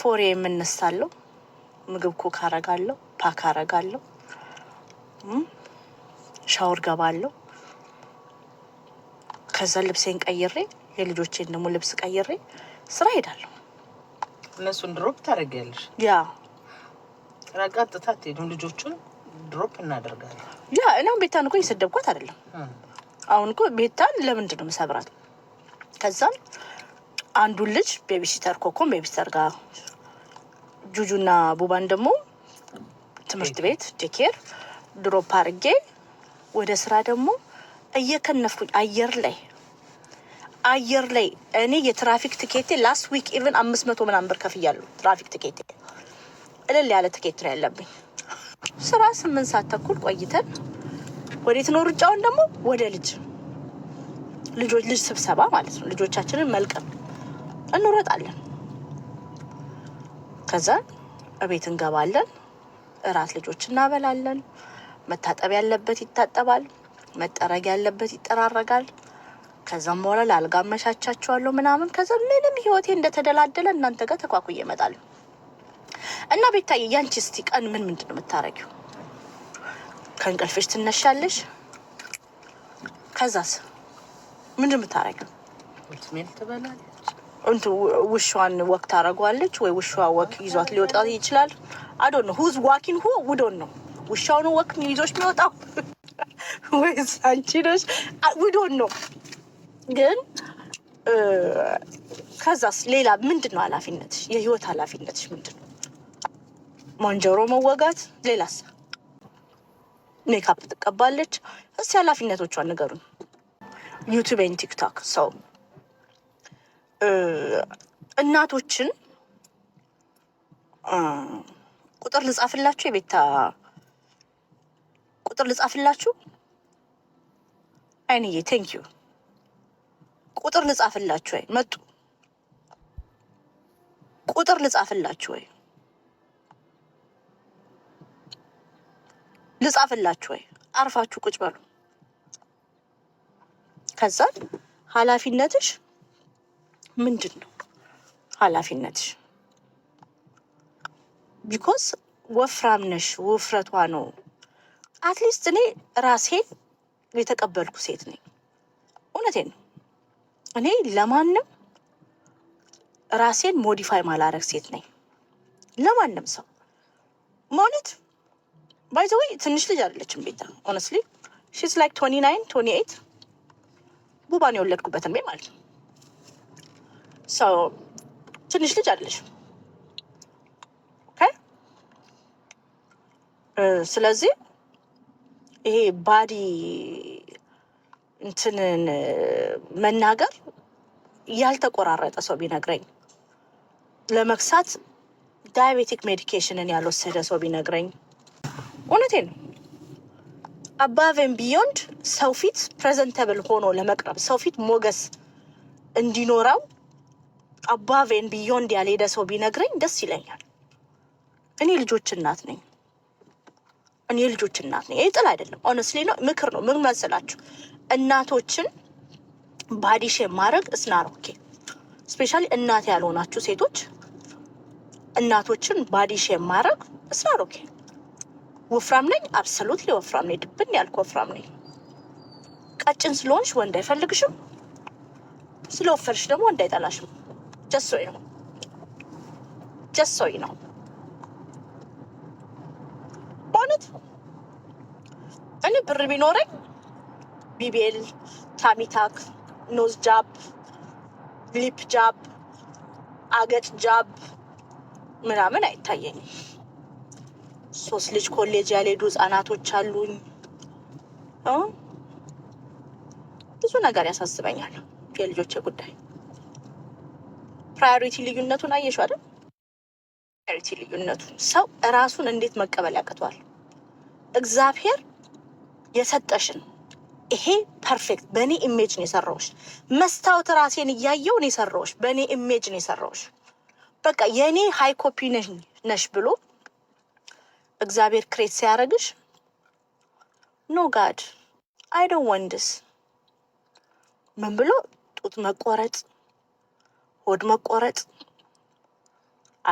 ፎር የምነሳለሁ። ምግብ ኩክ አረጋለሁ፣ ፓክ አረጋለሁ፣ ሻወር ገባለሁ። ከዛ ልብሴን ቀይሬ የልጆቼን ደግሞ ልብስ ቀይሬ ስራ ሄዳለሁ። እነሱን ድሮፕ ታደርጊያለሽ? ያ ረጋጥታ ትሄዱም ልጆቹን ድሮፕ እናደርጋለን። ያ እኔም ቤታን እኮ የሰደብኳት አይደለም። አሁን እኮ ቤታን ለምንድን ነው መሰብራት? ከዛም አንዱን ልጅ ቤቢሲተር ኮኮን ቤቢሲተር ጋር ጁጁና ቡባን ደግሞ ትምህርት ቤት ዴኬር ድሮፕ ፓርጌ ወደ ስራ ደግሞ እየከነፍኩኝ አየር ላይ አየር ላይ እኔ የትራፊክ ትኬቴ ላስት ዊክ ኢቨን አምስት መቶ ምናምን ብር ከፍያለሁ። ትራፊክ ትኬቴ እልል ያለ ትኬት ነው ያለብኝ። ስራ ስምንት ሰዓት ተኩል ቆይተን ወዴት ነው ሩጫውን ደግሞ ወደ ልጅ ልጆች ልጅ ስብሰባ ማለት ነው። ልጆቻችንን መልቀም እንሮጣለን። ከዛ እቤት እንገባለን። እራት ልጆች እናበላለን። መታጠብ ያለበት ይታጠባል፣ መጠረግ ያለበት ይጠራረጋል። ከዛም በኋላ ለአልጋ አመቻቻቸዋለሁ ምናምን። ከዛ ምንም ህይወቴ እንደተደላደለ እናንተ ጋር ተኳኩዬ እመጣለሁ። እና ቤታዬ ያንቺ እስቲ ቀን ምን ምንድን ነው የምታረጊው? ከእንቅልፍሽ ትነሻለሽ፣ ከዛስ ምንድን የምታረጊው? እንት ውሻዋን ወክ ታደርገዋለች ወይ ውሻዋ ወክ ይዟት ሊወጣ ይችላል። አዶ ነው ሁዝ ዋኪን ሁ ውዶን ነው ውሻውን ወክ ይዞች ሊወጣው ወይስ አንቺ ነሽ? ውዶን uh, ነው ግን uh, ከዛስ ሌላ ምንድን ነው ኃላፊነትሽ? የህይወት ኃላፊነትሽ ምንድን ነው? ማንጀሮ መወጋት፣ ሌላስ? ሜካፕ ትቀባለች። እስቲ ኃላፊነቶቿን ንገሩን። ዩቱቤን ቲክቶክ ሰው እናቶችን ቁጥር ልጻፍላችሁ፣ የቤታ ቁጥር ልጻፍላችሁ። አይንዬ ቴንክ ዩ ቁጥር ልጻፍላችሁ ወይ መጡ ቁጥር ልጻፍላችሁ ወይ ልጻፍላችሁ ወይ አርፋችሁ ቁጭ በሉ። ከዛ ኃላፊነትሽ ምንድን ነው ኃላፊነትሽ? ቢኮዝ ወፍራም ነሽ፣ ውፍረቷ ነው። አትሊስት እኔ ራሴን የተቀበልኩ ሴት ነኝ። እውነቴን ነው። እኔ ለማንም ራሴን ሞዲፋይ ማላረግ ሴት ነኝ። ለማንም ሰው ማለት ባይዘወይ ትንሽ ልጅ አይደለችም ቤታ። ኦነስትሊ ሺስ ላይክ ቶኒ ናይን ቶኒ ኤት ቡባን የወለድኩበትን ቤ ማለት ነው ሰው ትንሽ ልጅ አለሽ። ስለዚህ ይሄ ባዲ እንትንን መናገር ያልተቆራረጠ ሰው ቢነግረኝ ለመክሳት ዳያቤቲክ ሜዲኬሽንን ያልወሰደ ሰው ቢነግረኝ እውነቴ ነው። አባቬን ቢዮንድ ሰው ፊት ፕሬዘንተብል ሆኖ ለመቅረብ ሰው ፊት ሞገስ እንዲኖረው አባቬን ቢዮንድ ያልሄደ ሰው ቢነግረኝ ደስ ይለኛል። እኔ ልጆች እናት ነኝ። እኔ ልጆች እናት ነኝ። ይህ ጥል አይደለም፣ ኦነስሊ ነው፣ ምክር ነው። ምን መሰላችሁ እናቶችን ባዲሼ ማድረግ እስናር ኦኬ። ስፔሻሊ እናት ያልሆናችሁ ሴቶች እናቶችን ባዲሼ ማድረግ እስናር ኦኬ። ወፍራም ነኝ፣ አብሰሉት ወፍራም ነኝ፣ ድብን ያልኩ ወፍራም ነኝ። ቀጭን ስለሆንሽ ወንድ አይፈልግሽም፣ ስለወፈርሽ ደግሞ ወንድ አይጠላሽም። just so you know just so you know በእውነት እኔ ብር ቢኖረኝ ቢቤል፣ ታሚታክ፣ ኖዝ ጃብ፣ ሊፕ ጃብ፣ አገጭ ጃብ ምናምን አይታየኝም። ሶስት ልጅ ኮሌጅ ያልሄዱ ህጻናቶች አሉኝ። ብዙ ነገር ያሳስበኛል የልጆቼ ጉዳይ። ፕራዮሪቲ ልዩነቱን አየሽው አይደል? ፕራዮሪቲ ልዩነቱን ሰው እራሱን እንዴት መቀበል ያቅተዋል? እግዚአብሔር የሰጠሽን ይሄ ፐርፌክት በእኔ ኢሜጅ ነው የሰራሁሽ። መስታወት ራሴን እያየው ነው የሰራሁሽ። በእኔ ኢሜጅ ነው የሰራሁሽ። በቃ የእኔ ሀይ ኮፒ ነሽ ብሎ እግዚአብሔር ክሬት ሲያደርግሽ ኖ ጋድ አይ ዶንት ምን ብሎ ጡት መቆረጥ ሆድ መቆረጥ፣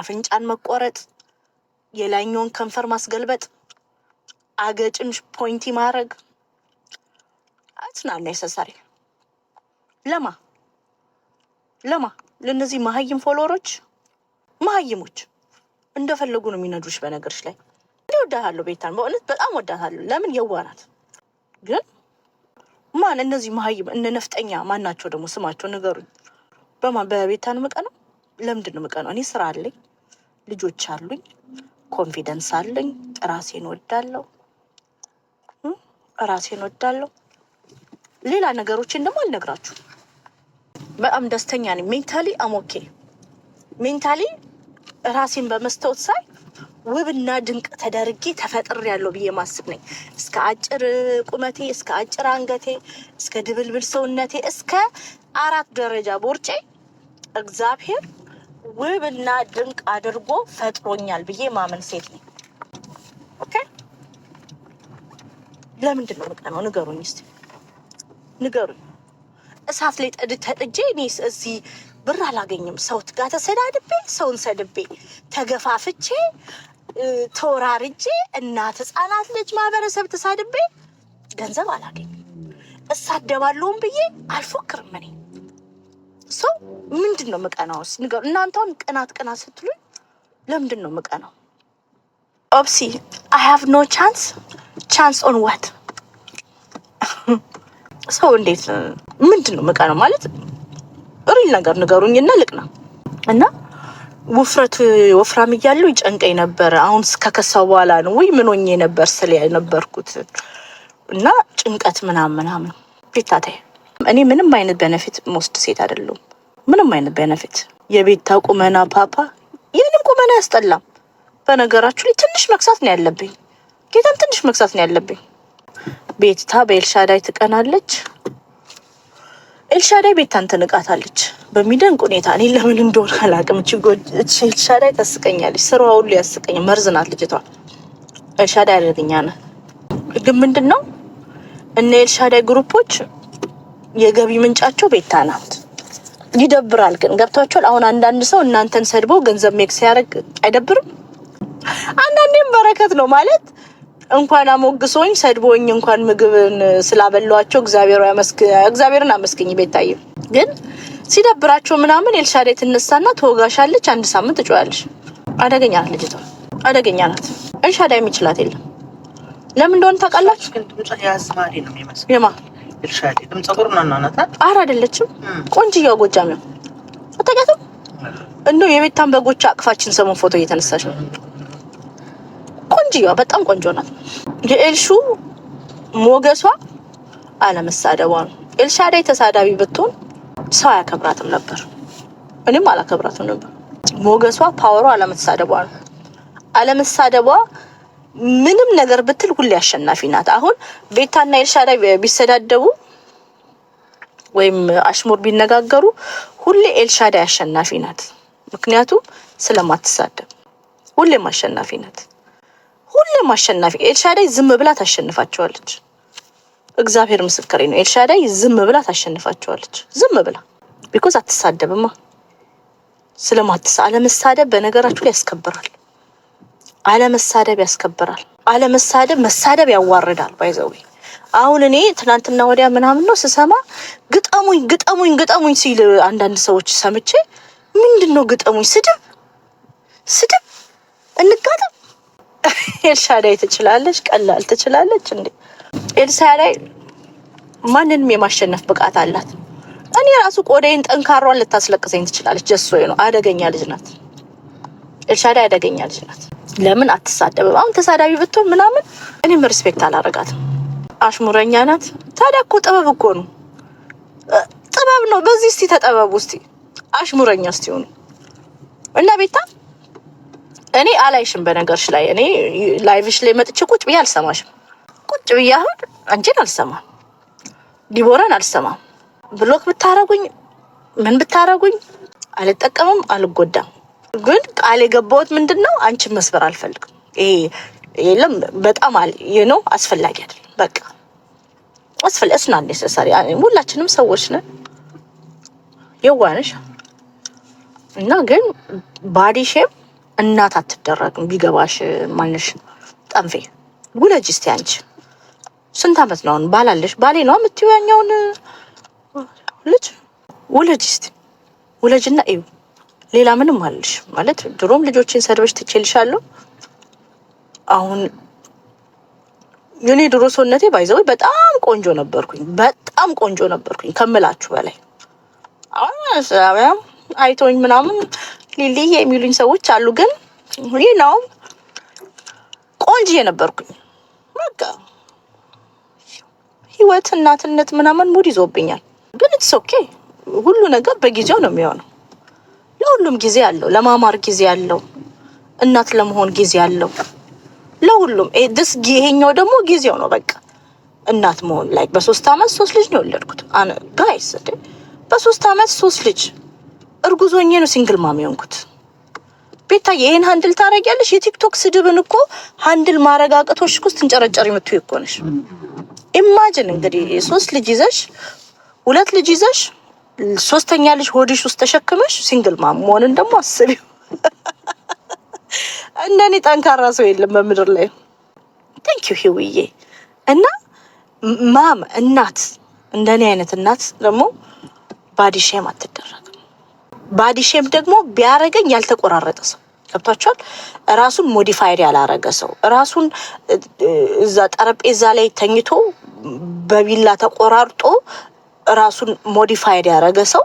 አፍንጫን መቆረጥ፣ የላይኛውን ከንፈር ማስገልበጥ፣ አገጭን ፖይንቲ ማድረግ አትናና ነሰሰሪ ለማ ለማ ለእነዚህ መሀይም ፎሎወሮች መሀይሞች እንደፈለጉ ነው የሚነዱሽ። በነገርሽ ላይ እኔ ወዳታለሁ ቤታን፣ በእውነት በጣም ወዳታለሁ። ለምን የዋናት ግን ማን እነዚህ መሀይም እነ ነፍጠኛ ማን ናቸው ደግሞ? ስማቸው ንገሩኝ። በማን በቤታን ምቀ ነው? ለምንድን ነው ነው? እኔ ስራ አለኝ፣ ልጆች አሉኝ፣ ኮንፊደንስ አለኝ፣ ራሴን ወዳለሁ፣ ራሴን ወዳለው። ሌላ ነገሮችን ደግሞ አልነግራችሁ። በጣም ደስተኛ ነኝ። ሜንታሊ አሞኬ ሜንታሊ ራሴን በመስታወት ሳይ ውብና ድንቅ ተደርጌ ተፈጥር ያለው ብዬ ማስብ ነኝ። እስከ አጭር ቁመቴ፣ እስከ አጭር አንገቴ፣ እስከ ድብልብል ሰውነቴ፣ እስከ አራት ደረጃ ቦርጬ እግዚአብሔር ውብና ድንቅ አድርጎ ፈጥሮኛል ብዬ ማመን ሴት ነኝ። ኦኬ ለምንድን ነው የምቀናው? ንገሩኝ እስኪ ንገሩኝ። እሳት ላይ ተጥጄ እኔ እዚህ ብር አላገኝም። ሰው ጋር ተሰዳድቤ ሰውን ሰድቤ ተገፋፍቼ ተወራርጄ እናት ህፃናት ልጅ ማህበረሰብ ተሳድቤ ገንዘብ አላገኝም። እሳደባለሁም ብዬ አልፎክርም እኔ ሰው ምንድን ነው ምቀናውስ? እናንተውን ቅናት ቅናት ስትሉኝ ለምንድን ነው ምቀናው? ኦፕሲ አይ ሃቭ ኖ ቻንስ ቻንስ ኦን ዋት ሰው እንዴት ምንድን ነው ምቀናው ማለት ሪል ነገር ንገሩኝ እና ነው እና ውፍረት ወፍራም እያሉ ይጨንቀኝ ነበረ። አሁን ከከሳው በኋላ ነው ወይ ምን ሆኜ ነበር ስለ ነበርኩት እና ጭንቀት ምናምን ምናምን ቤታታይ እኔ ምንም አይነት በነፊት ሞስድ ሴት አይደለሁም። ምንም አይነት በነፊት የቤታ ቁመና ፓፓ ይህንም ቁመና ያስጠላም። በነገራችሁ ላይ ትንሽ መግሳት ነው ያለብኝ፣ ጌታም ትንሽ መግሳት ነው ያለብኝ። ቤትታ በኤልሻዳይ ትቀናለች፣ ኤልሻዳይ ቤታን ትንቃታለች በሚደንቅ ሁኔታ። እኔ ለምን እንደሆነ አላቅም። ኤልሻዳይ ታስቀኛለች፣ ስራዋ ሁሉ ያስቀኛል። መርዝናት ናት ልጅቷ። ኤልሻዳይ አደገኛ ነ ግን ምንድን ነው እነ ኤልሻዳይ ግሩፖች የገቢ ምንጫቸው ቤታ ናት። ይደብራል ግን ገብቷቸዋል። አሁን አንዳንድ ሰው እናንተን ሰድቦ ገንዘብ ሜክ ሲያደርግ አይደብርም? አንዳንዴም በረከት ነው ማለት እንኳን አሞግሶኝ ሰድቦኝ እንኳን ምግብን ስላበሏቸው እግዚአብሔርን አመስገኝ ቤታዬ ግን ሲደብራቸው ምናምን ኤልሻዳይ ትነሳና ትወጋሻለች። አንድ ሳምንት እጮያለሽ። አደገኛ ናት ልጅቷ፣ አደገኛ ናት። ኤልሻዳይ የሚችላት የለም። ለምን እንደሆነ ታውቃላችሁ? አረ አይደለችም። ቆንጅዬዋ ጎጃሚው አታውቂያትም? እንደው የቤታን በጎች አቅፋችን ሰሞን ፎቶ እየተነሳች ነው። ቆንጅዬዋ በጣም ቆንጆ ናት። የኤልሹ ሞገሷ አለመሳደቧ ነው። ኤልሻዳይ ተሳዳቢ ብትሆን ሰው አያከብራትም ነበር፣ እኔም አላከብራትም ነበር። ሞገሷ ፓወሯ አለመሳደቧ ነው። አለመሳደቧ ምንም ነገር ብትል ሁሌ አሸናፊ ናት። አሁን ቤታና ኤልሻዳይ ቢሰዳደቡ ወይም አሽሙር ቢነጋገሩ ሁሌ ኤልሻዳይ አሸናፊ ናት። ምክንያቱም ስለማትሳደብ ሁሌም አሸናፊ ናት። ሁሌም አሸናፊ ኤልሻዳይ ዝም ብላ ታሸንፋቸዋለች። እግዚአብሔር ምስክሬ ነው። ኤልሻዳይ ዝም ብላ ታሸንፋቸዋለች። ዝም ብላ ቢኮዝ አትሳደብማ። ስለማትሳ አለመሳደብ በነገራችሁ ላይ ያስከብራል። አለመሳደብ ያስከብራል። አለመሳደብ መሳደብ ያዋርዳል። ባይዘዌ አሁን እኔ ትናንትና ወዲያ ምናምን ነው ስሰማ ግጠሙኝ ግጠሙኝ ግጠሙኝ ሲል አንዳንድ ሰዎች ሰምቼ ምንድን ነው ግጠሙኝ? ስድብ ስድብ እንጋጠም። ኤልሻዳይ ትችላለች፣ ቀላል ትችላለች እንዴ? ኤልሻዳይ ማንንም የማሸነፍ ብቃት አላት። እኔ ራሱ ቆዳዬን ጠንካሯን ልታስለቅሰኝ ትችላለች። ጀሶ ነው። አደገኛ ልጅ ናት። ኤልሻዳይ አደገኛ ልጅ ናት። ለምን አትሳደብም? አሁን ተሳዳቢ ብትሆን ምናምን እኔም ሪስፔክት አላረጋትም። አሽሙረኛ ናት። ታዲያ እኮ ጥበብ እኮ ነው፣ ጥበብ ነው። በዚህ እስቲ ተጠበቡ እስቲ፣ አሽሙረኛ እስቲ ሆኑ እና ቤታ እኔ አላይሽም። በነገርሽ ላይ እኔ ላይቭሽ ላይ መጥቼ ቁጭ ብዬ አልሰማሽም። ቁጭ ብዬ አሁን አንቺን አልሰማም፣ ዲቦራን አልሰማም። ብሎክ ብታረጉኝ ምን ብታረጉኝ አልጠቀምም፣ አልጎዳም። ግን ቃል የገባሁት ምንድን ነው? አንቺን መስበር አልፈልግም። ይሄ የለም በጣም አል ነው አስፈላጊ አይደል በቃ አስፈላ እስና ኔሰሰሪ ሁላችንም ሰዎች ነን። የዋነሽ እና ግን ባዲ ሼም እናት አትደረግም። ቢገባሽ ማንሽ ጠንፌ ውለጅ እስቲ አንቺ ስንት አመት ነው አሁን? ባላለሽ ባሌ ነው የምትይው ያኛውን ልጅ ውለጅ እስቲ ውለጅና እዩ ሌላ ምንም አልልሽ። ማለት ድሮም ልጆችን ሰድበሽ ትችልሻለሁ። አሁን የኔ ድሮ ሰውነቴ ባይዘው በጣም ቆንጆ ነበርኩኝ፣ በጣም ቆንጆ ነበርኩኝ ከምላችሁ በላይ። አሁን አይቶኝ ምናምን ሊሊ የሚሉኝ ሰዎች አሉ፣ ግን ይህ ነው ቆንጆ የነበርኩኝ። በቃ ህይወት እናትነት ምናምን ሙድ ይዞብኛል፣ ግን ኢትስ ኦኬ። ሁሉ ነገር በጊዜው ነው የሚሆነው። ለሁሉም ጊዜ አለው። ለማማር ጊዜ አለው። እናት ለመሆን ጊዜ አለው። ለሁሉም ስ ይሄኛው ደግሞ ጊዜው ነው። በቃ እናት መሆን ላይ በሶስት አመት ሶስት ልጅ ነው የወለድኩት። ጋይስ በሶስት አመት ሶስት ልጅ እርጉዞኜ ነው ሲንግል ማም የሆንኩት። ቤታዬ ይሄን ሀንድል ታደርጊያለሽ? የቲክቶክ ስድብን እኮ ሀንድል ማድረግ አቅቶሽ እኮ ስትንጨረጨሪ የምትይው እኮ ነሽ። ኢማጅን እንግዲህ ሶስት ልጅ ይዘሽ ሁለት ልጅ ይዘሽ ሶስተኛ ልጅ ሆድሽ ውስጥ ተሸክመሽ ሲንግል ማም መሆንን ደግሞ አስቢው። እንደኔ ጠንካራ ሰው የለም በምድር ላይ። ታንክ ዩ ሂውዬ። እና ማም እናት፣ እንደኔ አይነት እናት ደግሞ ባዲ ሼም አትደረግም። ሼም ደግሞ ቢያረገኝ ያልተቆራረጠ ሰው ገብቷቸዋል። ራሱን ሞዲፋይድ ያላረገ ሰው ራሱን እዛ ጠረጴዛ ላይ ተኝቶ በቢላ ተቆራርጦ ራሱን ሞዲፋይድ ያደረገ ሰው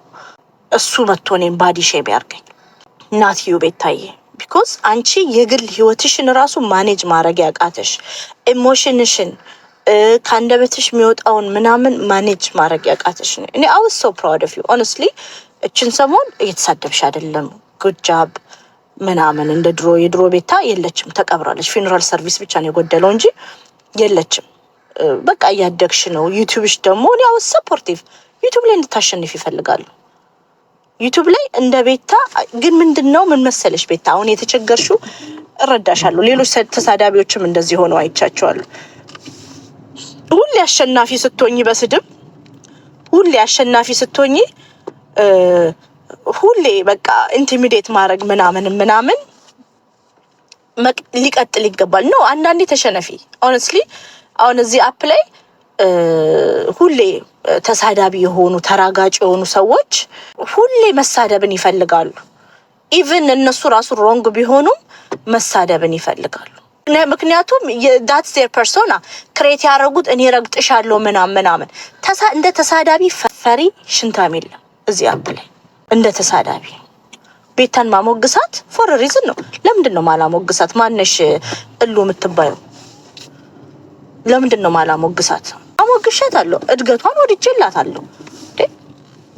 እሱ መጥቶ እኔን ባዲ ሼም ያርገኝ ናትዩ ቤታዬ ቢኮዝ አንቺ የግል ህይወትሽን ራሱ ማኔጅ ማድረግ ያቃተሽ ኢሞሽንሽን ከአንደበትሽ የሚወጣውን ምናምን ማኔጅ ማድረግ ያቃተሽ ነው። እኔ አውስ ሰው ፕራውድ ኦፍ ዩ ኦነስትሊ። እችን ሰሞን እየተሳደብሽ አይደለም፣ ጉድ ጃብ ምናምን እንደ ድሮ የድሮ ቤታ የለችም፣ ተቀብራለች። ፊነራል ሰርቪስ ብቻ ነው የጎደለው እንጂ የለችም። በቃ እያደግሽ ነው። ዩቱብሽ ደግሞ ያው ሰፖርቲቭ ዩቱብ ላይ እንድታሸንፍ ይፈልጋሉ። ዩቱብ ላይ እንደ ቤታ ግን ምንድን ነው ምን መሰለሽ ቤታ አሁን የተቸገርሽው እረዳሻለሁ። ሌሎች ተሳዳቢዎችም እንደዚህ ሆነው አይቻቸዋሉ። ሁሌ አሸናፊ ስትሆኝ በስድብ ሁሌ አሸናፊ ስትሆኝ ሁሌ በቃ ኢንቲሚዴት ማድረግ ምናምን ምናምን ሊቀጥል ይገባል ነው። አንዳንዴ ተሸነፊ ኦነስትሊ አሁን እዚህ አፕ ላይ ሁሌ ተሳዳቢ የሆኑ ተራጋጭ የሆኑ ሰዎች ሁሌ መሳደብን ይፈልጋሉ። ኢቭን እነሱ ራሱ ሮንግ ቢሆኑም መሳደብን ይፈልጋሉ። ምክንያቱም ዳት ዜር ፐርሶና ክሬት ያደረጉት እኔ ረግጥሻለሁ ምናምን ምናምን። እንደ ተሳዳቢ ፈሪ ሽንታም የለም እዚህ አፕ ላይ እንደ ተሳዳቢ ቤታን ማሞግሳት ፎር ሪዝን ነው። ለምንድን ነው ማላሞግሳት? ማነሽ እሉ የምትባዩ ለምንድን ነው ማላሞግሳት? አሞግሻታለሁ። እድገቷን ወድጄላታለሁ።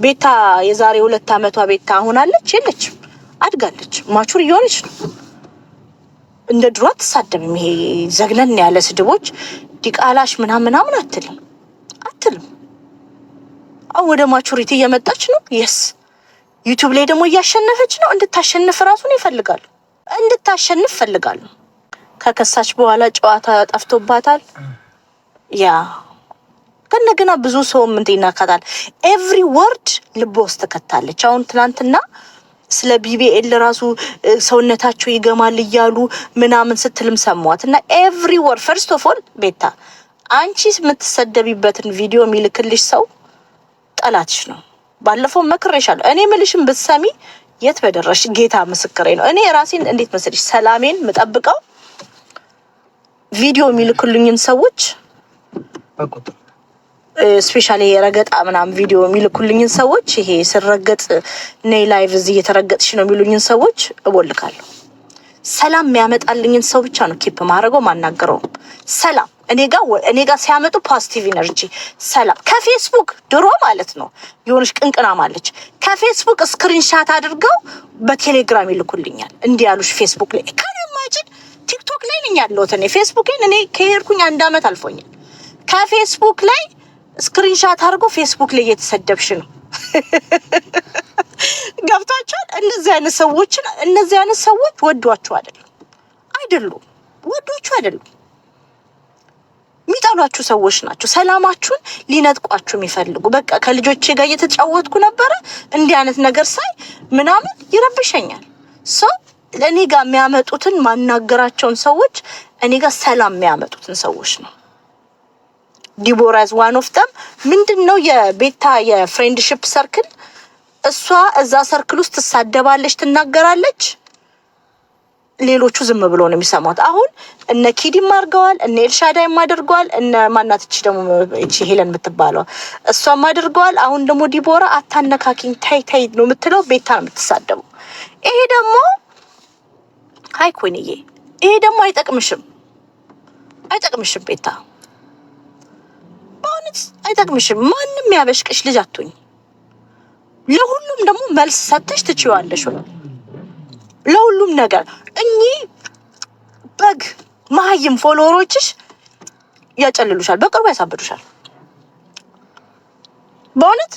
ቤታ የዛሬ ሁለት ዓመቷ ቤታ ሆናለች የለችም? አድጋለች። ማቹር እየሆነች ነው። እንደ ድሮ አትሳደብም። ይሄ ዘግነን ያለ ስድቦች ዲቃላሽ ምናምን ምናምን አትልም አትልም። አሁን ወደ ማቹሪቲ እየመጣች ነው። የስ ዩቱብ ላይ ደግሞ እያሸነፈች ነው። እንድታሸንፍ ራሱን ይፈልጋሉ። እንድታሸንፍ ፈልጋሉ። ከከሳች በኋላ ጨዋታ ጠፍቶባታል። ያ ከነ ግና ብዙ ሰው ምን ይናካታል። ኤቭሪ ወርድ ልቦ ውስጥ ተከታለች። አሁን ትናንትና ስለ ቢቢኤል ራሱ ሰውነታቸው ይገማል እያሉ ምናምን ስትልም ሰማዋት እና ኤቭሪ ወርድ ፈርስት ኦፍ ኦል ቤታ አንቺ የምትሰደቢበትን ቪዲዮ የሚልክልሽ ሰው ጠላትሽ ነው። ባለፈው መክሬሻለሁ። እኔ ምልሽም ብትሰሚ የት በደረሽ። ጌታ ምስክሬ ነው። እኔ ራሴን እንዴት መሰለሽ ሰላሜን የምጠብቀው ቪዲዮ የሚልኩልኝን ሰዎች ስፔሻሊ የረገጣ ምናምን ቪዲዮ የሚልኩልኝን ሰዎች ይሄ ስረገጥ ነይ ላይቭ እዚህ እየተረገጥሽ ነው የሚሉኝን ሰዎች እቦልካለሁ። ሰላም የሚያመጣልኝን ሰው ብቻ ነው ኪፕ ማድረገው ማናገረው። ሰላም እኔ ጋር ሲያመጡ ፖዚቲቭ ኢነርጂ ሰላም ከፌስቡክ ድሮ ማለት ነው የሆነች ቅንቅናም አለች። ከፌስቡክ ስክሪንሻት አድርገው በቴሌግራም ይልኩልኛል። እንዲህ ያሉሽ ፌስቡክ ላይ ነኝ ያለሁት እኔ ፌስቡኬን እኔ ከሄድኩኝ አንድ አመት አልፎኛል። ከፌስቡክ ላይ ስክሪንሻት አድርጎ ፌስቡክ ላይ እየተሰደብሽ ነው ገብታችኋል። እነዚህ አይነት ሰዎችን እነዚህ አይነት ሰዎች ወዷችሁ አይደሉም አይደሉም፣ ወዷችሁ አይደሉም። የሚጠሏችሁ ሰዎች ናቸው። ሰላማችሁን ሊነጥቋችሁ የሚፈልጉ በቃ ከልጆቼ ጋር እየተጫወትኩ ነበረ እንዲህ አይነት ነገር ሳይ ምናምን ይረብሸኛል ሰው ለእኔ ጋር የሚያመጡትን ማናገራቸውን ሰዎች እኔ ጋር ሰላም የሚያመጡትን ሰዎች ነው። ዲቦራዝ ዋን ኦፍ ተም ምንድን ነው የቤታ የፍሬንድሽፕ ሰርክል እሷ እዛ ሰርክል ውስጥ ትሳደባለች፣ ትናገራለች። ሌሎቹ ዝም ብሎ ነው የሚሰማት። አሁን እነ ኪዲም አድርገዋል፣ እነ ኤልሻዳይም አድርገዋል፣ እነ ማናትቺ ደግሞ እቺ ሄለን የምትባለው እሷም አድርገዋል። አሁን ደግሞ ዲቦራ አታነካኪኝ፣ ታይ ታይ ነው የምትለው፣ ቤታ ነው የምትሳደበው። ይሄ ደግሞ ሀይ ኩንዬ፣ ይሄ ደግሞ አይጠቅምሽም፣ አይጠቅምሽም ቤታ፣ በእውነት አይጠቅምሽም። ማንም ያበሽቅሽ ልጅ አትሁኝ። ለሁሉም ደግሞ መልስ ሰጥተሽ ትችዋለሽ። ለሁሉም ነገር እኚህ በግ መሀይም ፎሎወሮችሽ ያጨልሉሻል፣ በቅርቡ ያሳብዱሻል። በእውነት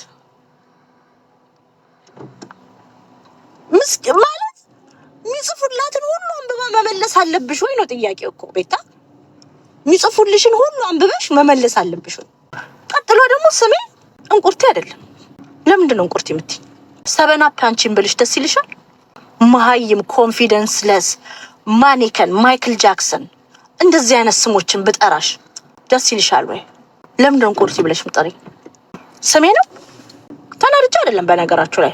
የሚጽፉላትን ሁሉ አንብባ መመለስ አለብሽ ወይ ነው ጥያቄው እኮ ቤታ። የሚጽፉልሽን ሁሉ አንብበሽ መመለስ አለብሽ ወይ? ቀጥሎ ደግሞ ስሜ እንቁርቲ አይደለም። ለምንድን ነው እንቁርቲ የምትይኝ? ሰበን አፕ አንቺን ብልሽ ደስ ይልሻል? መሀይም፣ ኮንፊደንስ ለስ፣ ማኒከን፣ ማይክል ጃክሰን እንደዚህ አይነት ስሞችን ብጠራሽ ደስ ይልሻል ወይ? ለምንድን ነው እንቁርቲ ብለሽ ምጠሪ? ስሜ ነው። ተናድጃ አይደለም በነገራችሁ ላይ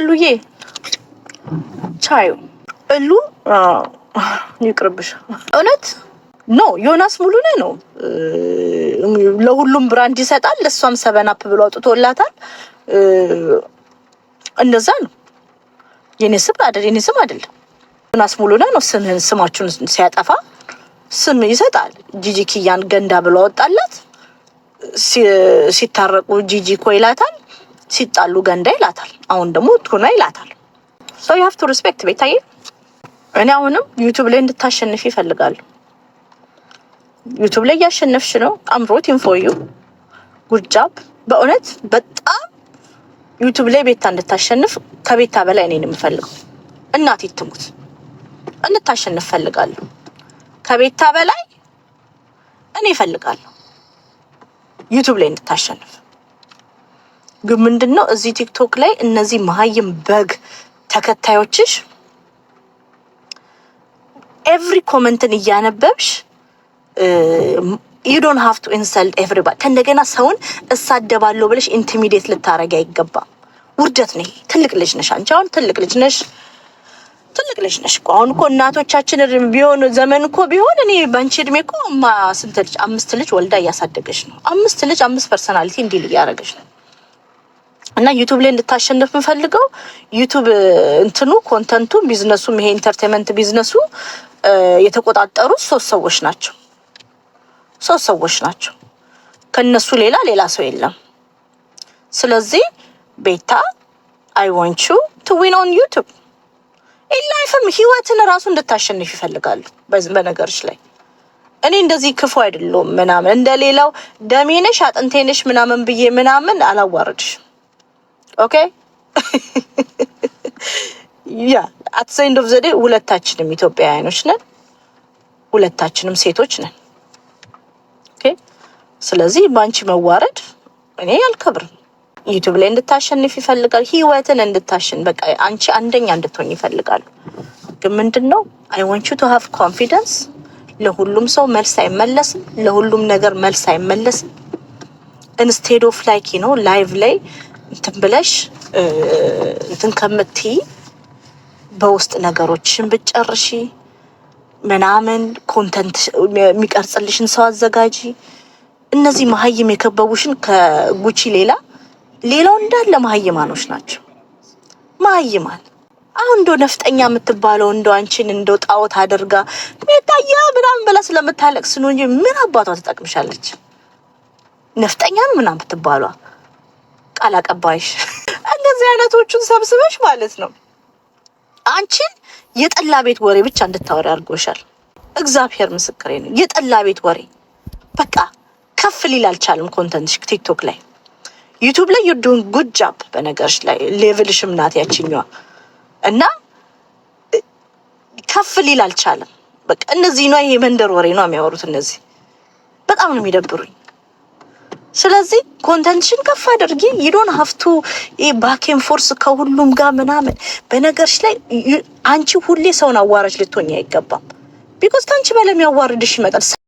እሉዬ ቻዩ እሉ ይቅርብሽ። እውነት ኖ ዮናስ ሙሉነህ ነው ለሁሉም ብራንድ ይሰጣል። ለእሷም ሰበናፕ ብሎ አውጥቶላታል። እንደዛ ነው። የኔ ስም አይደል የኔ ስም አይደል? ዮናስ ሙሉነህ ነው ስምህን ስማችሁን ሲያጠፋ ስም ይሰጣል። ጂጂ ኪያን ገንዳ ብሎ አወጣላት። ሲታረቁ ጂጂ ኮ ይላታል፣ ሲጣሉ ገንዳ ይላታል። አሁን ደግሞ ቱና ይላታል። ሶ ዩ ሃቭ ቱ ሪስፔክት ቤታዬ እኔ አሁንም ዩቱብ ላይ እንድታሸንፍ ይፈልጋሉ። ዩቱብ ላይ እያሸነፍሽ ነው። አምሮት ኢንፎዩ ጉርጃብ በእውነት በጣም ዩቱብ ላይ ቤታ እንድታሸንፍ ከቤታ በላይ እኔን የምፈልገው እናት ይትሙት እንድታሸንፍ ፈልጋለሁ። ከቤታ በላይ እኔ እፈልጋለሁ ዩቱብ ላይ እንድታሸንፍ። ግን ምንድን ነው እዚህ ቲክቶክ ላይ እነዚህ መሀይም በግ ተከታዮችሽ ኤቭሪ ኮመንትን እያነበብሽ ዩ ዶንት ሃቭ ቱ ኢንሰልት ኤቭሪባዲ። ከእንደገና ሰውን እሳደባለሁ ብለሽ ኢንቲሚዴት ልታረጊ አይገባም። ውርደት ነው። ትልቅ ልጅ ነሽ አንቺ። አሁን ትልቅ ልጅ ነሽ ትልቅ ልጅ ነሽ እኮ አሁን እኮ እናቶቻችን ቢሆን ዘመን እኮ ቢሆን እኔ በአንቺ እድሜ እኮ ስንት ልጅ አምስት ልጅ ወልዳ እያሳደገች ነው። አምስት ልጅ አምስት ፐርሰናሊቲ እንዲል እያደረገች ነው። እና ዩቱብ ላይ እንድታሸንፍ የምፈልገው ዩቱብ እንትኑ ኮንተንቱ፣ ቢዝነሱ ይሄ ኢንተርቴንመንት ቢዝነሱ የተቆጣጠሩት ሶስት ሰዎች ናቸው። ሶስት ሰዎች ናቸው። ከነሱ ሌላ ሌላ ሰው የለም። ስለዚህ ቤታ አይ ዋንት ዩ ቱ ዊን ኦን ዩቱብ ኢላይፍም ህይወትን ራሱ እንድታሸንፍ ይፈልጋሉ። በነገሮች ላይ እኔ እንደዚህ ክፉ አይደለሁም ምናምን እንደሌላው ደሜነሽ አጥንቴነሽ አጥንቴ ነሽ ምናምን ብዬ ምናምን አላዋርድሽ ኦኬ ያ አት ዘ ዘዴ ሁለታችንም ኢትዮጵያውያኖች ነን፣ ሁለታችንም ሴቶች ነን። ኦኬ ስለዚህ በአንቺ መዋረድ እኔ አልከብርም። ዩቲዩብ ላይ እንድታሸንፍ ይፈልጋል፣ ህይወትን እንድታሸን በቃ አንቺ አንደኛ እንድትሆን ይፈልጋሉ። ግን ምንድነው አይ ዋንት ዩ ቱ ሃቭ ኮንፊደንስ። ለሁሉም ሰው መልስ አይመለስም፣ ለሁሉም ነገር መልስ አይመለስም። ኢንስቴድ ኦፍ ላይክ ነው ላይቭ ላይ እንትን ብለሽ እንትን ከምትይ በውስጥ ነገሮችን ብጨርሺ ምናምን ኮንተንት የሚቀርጽልሽን ሰው አዘጋጂ። እነዚህ መሀይም የከበቡሽን ከጉቺ ሌላ ሌላው እንዳለ መሀይማኖች ናቸው። መሀይማን አሁን እንደ ነፍጠኛ የምትባለው እንደ አንቺን እንደ ጣዖት አድርጋ ሜታየ ምናምን ብላ ስለምታለቅስ ነው እንጂ ምን አባቷ ትጠቅምሻለች? ነፍጠኛን ምናምን ብትባሏ ቃል አቀባይሽ እንደዚህ አይነቶቹን ሰብስበሽ ማለት ነው አንቺን የጠላ ቤት ወሬ ብቻ እንድታወሪ አድርጎሻል። እግዚአብሔር ምስክሬ ነው። የጠላ ቤት ወሬ በቃ ከፍ ሊል አልቻልም። ኮንተንትሽ ቲክቶክ ላይ፣ ዩቱብ ላይ ዩዱን ጉድ ጃብ በነገርሽ ላይ ሌቭልሽም ናት ያችኛዋ እና ከፍ ሊል አልቻለም። በቃ እነዚህ ነው ይሄ መንደር ወሬ ነው የሚያወሩት። እነዚህ በጣም ነው የሚደብሩኝ። ስለዚህ ኮንተንትሽን ከፍ አድርጊ። ይዶን ሀፍቱ ባኬን ፎርስ ከሁሉም ጋር ምናምን በነገርሽ ላይ አንቺ ሁሌ ሰውን አዋራጅ ልትሆኝ አይገባም። ቢኮዝ ከአንቺ በላይ የሚያዋርድሽ ይመጣል።